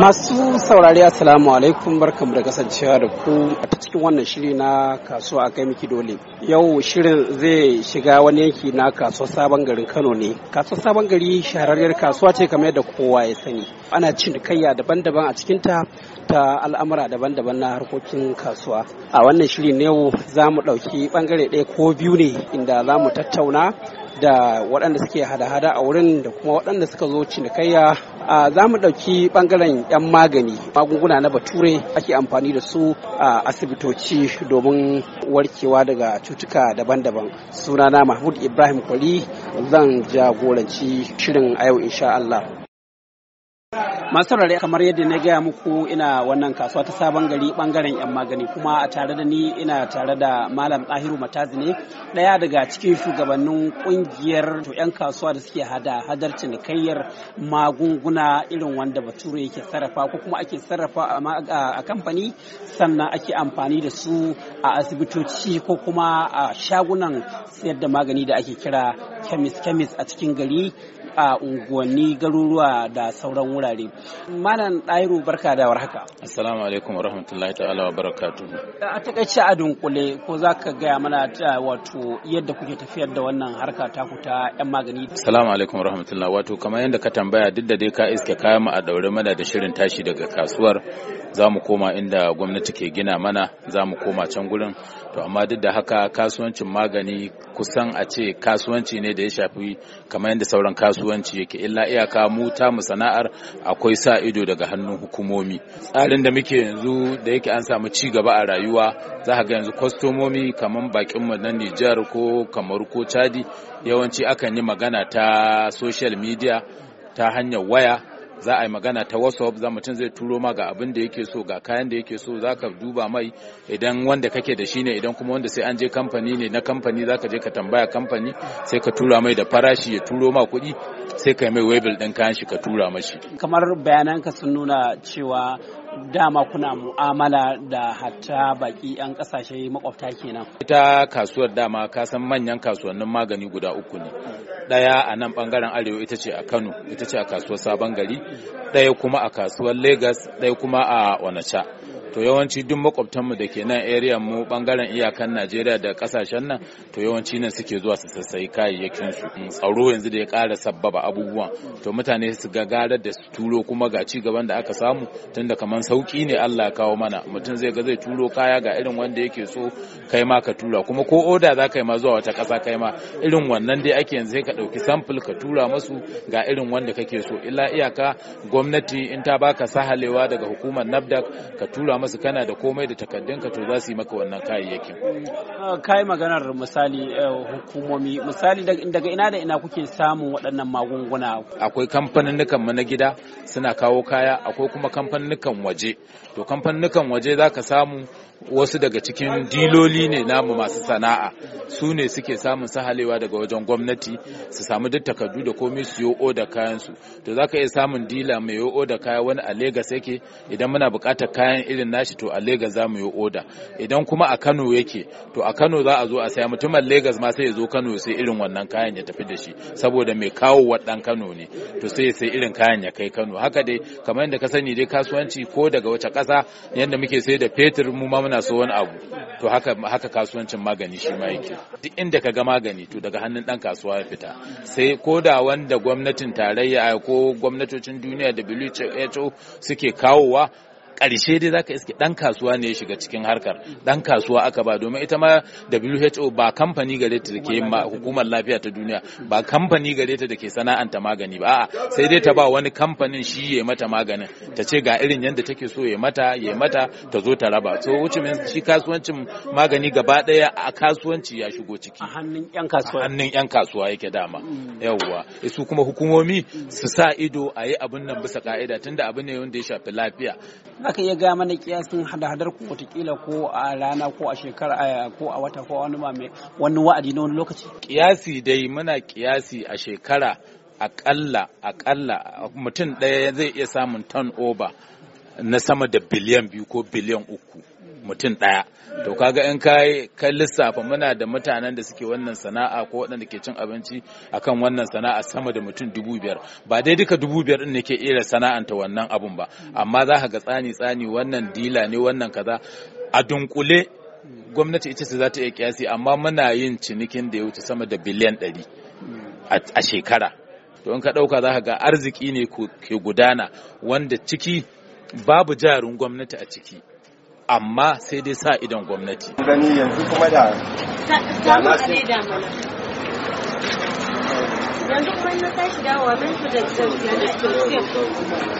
Masu saurari Assalamu alaikum barkamu da kasancewa da ku a cikin wannan shiri na kasuwa a kai miki dole. Yau shirin zai shiga wani yanki na kasuwar sabon garin Kano ne. Kasuwar sabon gari shahararriyar kasuwa ce kamar yadda kowa ya sani. Ana cinikayya daban-daban a cikinta ta al'amura daban-daban na harkokin kasuwa. A wannan shiri ne yau za mu ɗauki ɓangare ɗaya ko biyu ne inda za mu tattauna da waɗanda suke hada-hada a wurin da kuma waɗanda suka zo cinikayya za mu ɗauki ɓangaren 'yan magani magunguna na bature ake amfani da su a asibitoci domin warkewa daga cutuka daban-daban sunana mahmud ibrahim kwali zan jagoranci shirin a yau insha Allah. masu rare kamar yadda na gaya muku ina wannan kasuwa ta sabon gari bangaren yan magani kuma a tare da ni ina tare da malam ɗahiru matazi ne ɗaya daga cikin shugabannin ƙungiyar to yan kasuwa da suke hada hadar cinikayyar magunguna irin wanda bature yake sarrafa ko kuma ake sarrafa a kamfani sannan ake amfani da su a asibitoci ko kuma a shagunan sayar da magani da ake kira kemis kemis a cikin gari a unguwanni garuruwa da sauran wurare malam ɗairu barka da warhaka assalamu alaikum warahmatullahi ta'ala wa barakatu a takaice a dunkule ko za ka gaya mana ta wato yadda kuke tafiyar da wannan harka ku ta yan magani assalamu alaikum warahmatullahi wato kamar yadda ka tambaya duk da dai ka iske kayan mu a daure mana da shirin tashi daga kasuwar za mu koma inda gwamnati ke gina mana za mu koma can gurin to amma duk da haka kasuwancin magani kusan a ce kasuwanci ne da ya shafi kamar yadda sauran kasuwanci kasuwanci yake illa iyaka mu ta mu sana'ar akwai sa ido daga hannun hukumomi tsarin da muke yanzu da yake an samu ci gaba a rayuwa za a ga yanzu kwastomomi kamar bakin mu na Nijar ko kamar ko Chadi yawanci akan yi magana ta social media ta hanyar waya za a yi magana ta whatsapp za mutum zai turo ma ga abin da yake so ga kayan da yake so za ka duba mai idan wanda kake da shi ne idan kuma wanda sai an je kamfani ne na kamfani za ka je ka tambaya kamfani sai ka tura mai da farashi ya turo ma kuɗi sai ka yi mai webel ɗin kayan shi ka tura mashi kamar bayananka sun nuna cewa dama kuna mu'amala da hatta baki 'yan kasashe makwabta kenan. Ita kasuwar dama ka san manyan kasuwannin magani guda uku ne. Ɗaya a nan ɓangaren Arewa ita ce a Kano, ita ce a kasuwar Sabon Gari, ɗaya kuma a kasuwar Legas, ɗaya kuma a Onacha. to yawanci duk makwabtanmu da ke nan area mu bangaren iyakan najeriya da kasashen nan to yawanci nan suke zuwa su sassai kayayyakin su mm, tsaro yanzu da ya ƙara sababa abubuwan to mutane su ga gara da su turo kuma ga ci gaban da aka samu tunda kamar sauki ne Allah kawo mana mutum zai ga zai turo kaya ga irin wanda yake so kai ma ka tura kuma ko oda za ka ma zuwa wata ƙasa kai ma irin wannan dai ake yanzu sai ka ɗauki sample ka tura masu ga irin wanda kake so illa iyaka gwamnati in ta baka sahalewa daga hukumar NAFDAC ka tura masu kana da komai da takaddunka to za su yi maka wannan kayayyakin eh, kai maganar misali eh, hukumomi misali daga ina da ina kuke samun waɗannan magunguna akwai kamfanin mu na gida suna kawo kaya akwai kuma kamfaninnukan waje to kamfaninnukan waje za ka samu wasu daga cikin diloli ne namu masu sana'a su ne suke samun sahalewa daga wajen gwamnati su samu duk takardu da komai su yo oda kayan su to ka iya samun dila mai yo oda kaya wani a Legas yake idan muna buƙatar kayan irin nashi to a Legas za mu yo oda idan kuma a Kano yake to a Kano za a zo a saya mutumin Legas ma sai ya zo Kano sai irin wannan kayan ya tafi da shi saboda mai kawo waɗan Kano ne to sai sai irin kayan ya kai Kano haka dai kamar yadda ka sani dai kasuwanci ko daga wace ƙasa yadda muke sai da fetur mu ma muna so wani abu to haka haka kasuwancin magani shi ma yake duk inda ka ga magani to daga hannun dan kasuwa ya fita sai ko da wanda gwamnatin tarayya ko gwamnatocin duniya da WHO suke kawowa Karshe dai zaka iske dan kasuwa ne ya shiga cikin harkar dan kasuwa aka ba domin ita ma WHO ba kamfani gare ta ke hukumar lafiya ta duniya ba kamfani gare ta da ke sana'anta magani ba a'a sai dai ta ba wani kamfanin shi ya mata maganin ta ce ga irin yadda take so ya mata ya mata ta zo ta raba so wuce shi kasuwancin magani gaba daya a kasuwanci ya shigo ciki a hannun yan kasuwa hannun yan kasuwa yake dama yawwa su kuma hukumomi su sa ido a yi abin nan bisa ka'ida tunda abun ne wanda ya shafi lafiya zaka ya iya gaya mana kiyasin hada-hadar ku watakila ko a rana ko a shekara ko a wata ko wani mai wani wa'adi na wani lokaci kiyasi dai muna kiyasi a shekara akalla akalla mutum ɗaya zai iya samun turnover na sama da biliyan biyu ko biliyan uku mutum ɗaya to kaga in kai ka lissafa muna da mutanen da suke wannan sana'a ko waɗanda ke cin abinci akan wannan sana'a sama da mutum dubu biyar ba dai duka dubu biyar ɗin ne ke iya sana'anta wannan abun ba amma za ka ga tsani tsani wannan dila ne wannan kaza a dunkule gwamnati ita ce za ta iya kiyasi amma muna yin cinikin da ya wuce sama da biliyan ɗari a shekara to in ka ɗauka za ka ga arziki ne ke gudana wanda ciki babu jarin gwamnati a ciki amma sai dai sa idan gwamnati. Gani yanzu kuma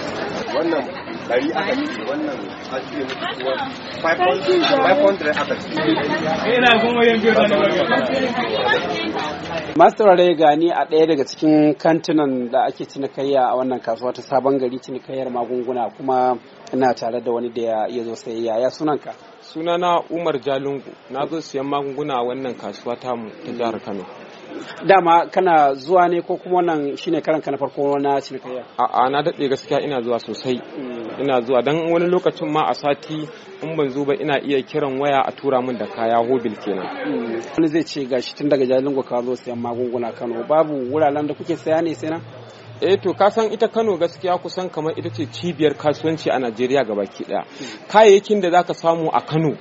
da Masar aka a da Master rai gani a ɗaya daga cikin kantinan da ake cinikayya a wannan kasuwa ta sabon gari cinikayyar magunguna kuma ina tare da wani da ya zo sayayya ya sunanka. Sunana Umar Jalungu na zo siyan magunguna a wannan kasuwa mu ta jihar Kano. dama kana zuwa ne ko kuma wannan shine karan ka na farko na cinikayya a'a na daɗe gaskiya ina zuwa sosai hmm. ina zuwa dan wani lokacin ma a sati in ban zo ba ina iya kiran waya a tura min da kaya hobil kenan hmm. wani zai ce gashi tun daga jalin ka zo sayan magunguna Kano babu wuraren da kuke saya ne sai na eh to ka san ita Kano gaskiya kusan kamar ita ce cibiyar kasuwanci a Najeriya gabaki daya hmm. kayayyakin da za ka samu a Kano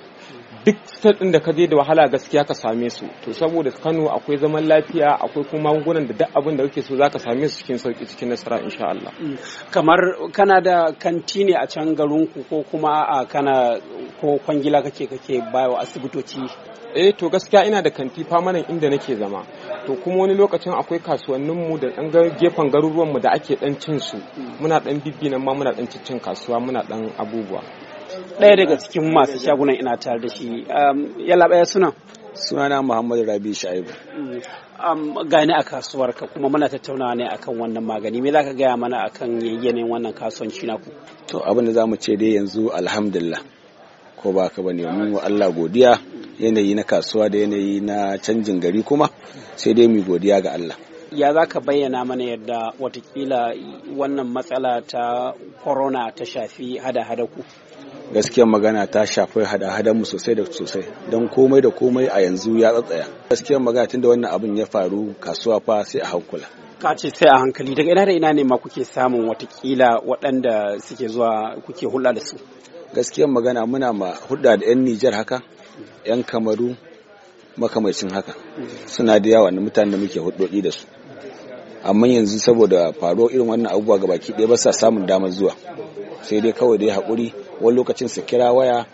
duk state din da ka je da wahala gaskiya ka same su to saboda Kano akwai zaman lafiya akwai kuma magungunan da duk abin da kake so zaka same su cikin sauki cikin nasara insha Allah mm. kamar kana da kanti ne a can garin ku ko kuma a kana ko kwangila kake kake bayo asibitoci eh to gaskiya ina da kanti famanan inda nake zama to kuma wani lokacin akwai kasuwannin mu da dan gefen garuruwan mu da ake dan cin su mm. muna dan bibbi nan ma muna dan cin kasuwa muna dan abubuwa ɗaya daga cikin masu shagunan ina tare da shi um, yalla ɗaya suna sunana muhammad rabi shaibu um, gani a kasuwar ka kuma muna tattaunawa ne akan wannan magani me zaka gaya mana akan yayyanin wannan kasuwanci naku to abin da za ce dai yanzu alhamdulillah ko ba ka bane mun wa Allah godiya yanayi na kasuwa da yanayi na canjin gari kuma sai dai mu godiya ga Allah ya za ka bayyana mana yadda watakila wannan matsala ta corona ta shafi hada-hada ku gaskiyar magana ta shafi hada-hadan mu sosai da sosai don komai da komai a yanzu ya tsatsaya gaskiyar magana tunda wannan abin ya faru kasuwa fa sai a hankula ka ce sai a hankali daga ina da ina ne ma kuke samun watakila waɗanda suke zuwa kuke hulɗa da su gaskiyar magana muna ma hulɗa da 'yan nijar haka 'yan kamaru makamacin haka suna da yawa mutane da muke hudodi da su amma yanzu saboda faruwar irin wannan abubuwa ga baki ɗaya ba sa samun damar zuwa sai dai kawai dai haƙuri wani lokacin su kira waya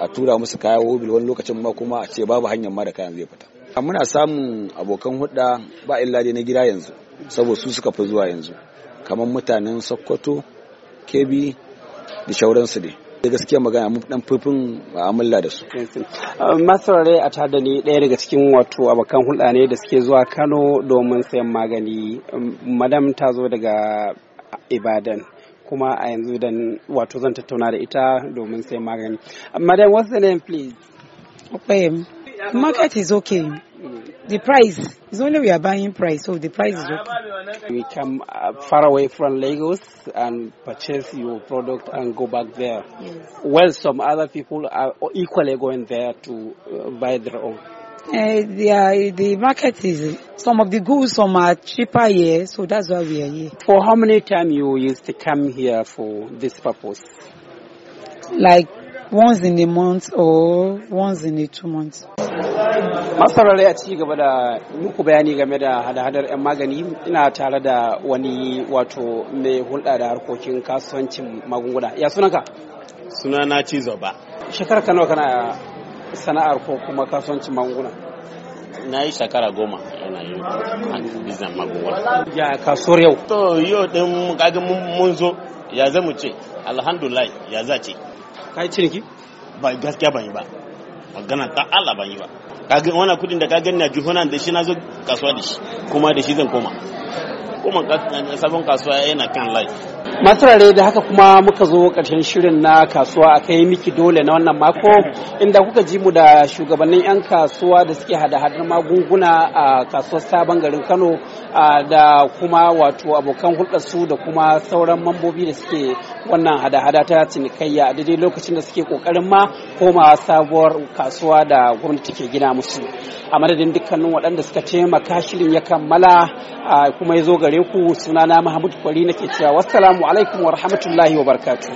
a tura musu kaya wobil wani lokacin ma kuma a ce babu hanyar ma da kayan zai fita muna samun abokan hudda ba illa dai na gida yanzu saboda su suka fi zuwa yanzu kamar mutanen sokoto kebi da shauransu ne da gaskiya magana mun dan fifin mu'amala da su masarare a tada ne daya daga cikin wato abokan hulɗa ne da suke zuwa kano domin sayan magani madam ta zo daga ibadan kuma a yanzu wato zan tattauna da ita domin sai magani madam what's the name please okay. Um, market is okay the price is only we are buying price so the price is okay we come uh, far away from lagos and purchase your product and go back there yes. some other people are equally going there to uh, buy their own Uh, the, uh, the market is some of the goods some are cheaper here, so that's why we are here. For how many time you used to come here for this purpose? Like once in a month or once in a two months. masarare a ci gaba da muku bayani game da hada-hadar 'yan magani ina tare da wani wato mai hulɗa da harkokin kasuwancin magunguna ya sunanka? sunana cizo ba shekarar ka nawa kana sana'ar ko kuma kasuwancin magunguna na yi shekara goma yana yi bizan magunguna ya kasuwar yau to yau din kagin mun zo ya mu ce alhamdulillah ya za ce yi ciniki ba gaskiya ban yi ba magana ta Allah ban yi ba kaga wannan kudin da ka gani na juhunan da shi na zo kasuwa da shi kuma da shi zan koma hukumar sabon kasuwa yana kan live. masu rare da haka kuma muka zo karshen shirin na kasuwa a kai miki dole na wannan mako inda kuka ji mu da shugabannin 'yan kasuwa da suke hada-hadar magunguna a kasuwar sabon garin kano da kuma wato abokan hulɗarsu da kuma sauran mambobi da suke wannan hada-hada ta cinikayya a daidai lokacin da suke kokarin ma koma sabuwar kasuwa da gwamnati ke gina musu a madadin dukkanin waɗanda suka taimaka shirin ya kammala kuma ya zo gare ku sunana Mahmud Kwari nake cewa wassalamu alaikum wa rahmatullahi wa barakatuh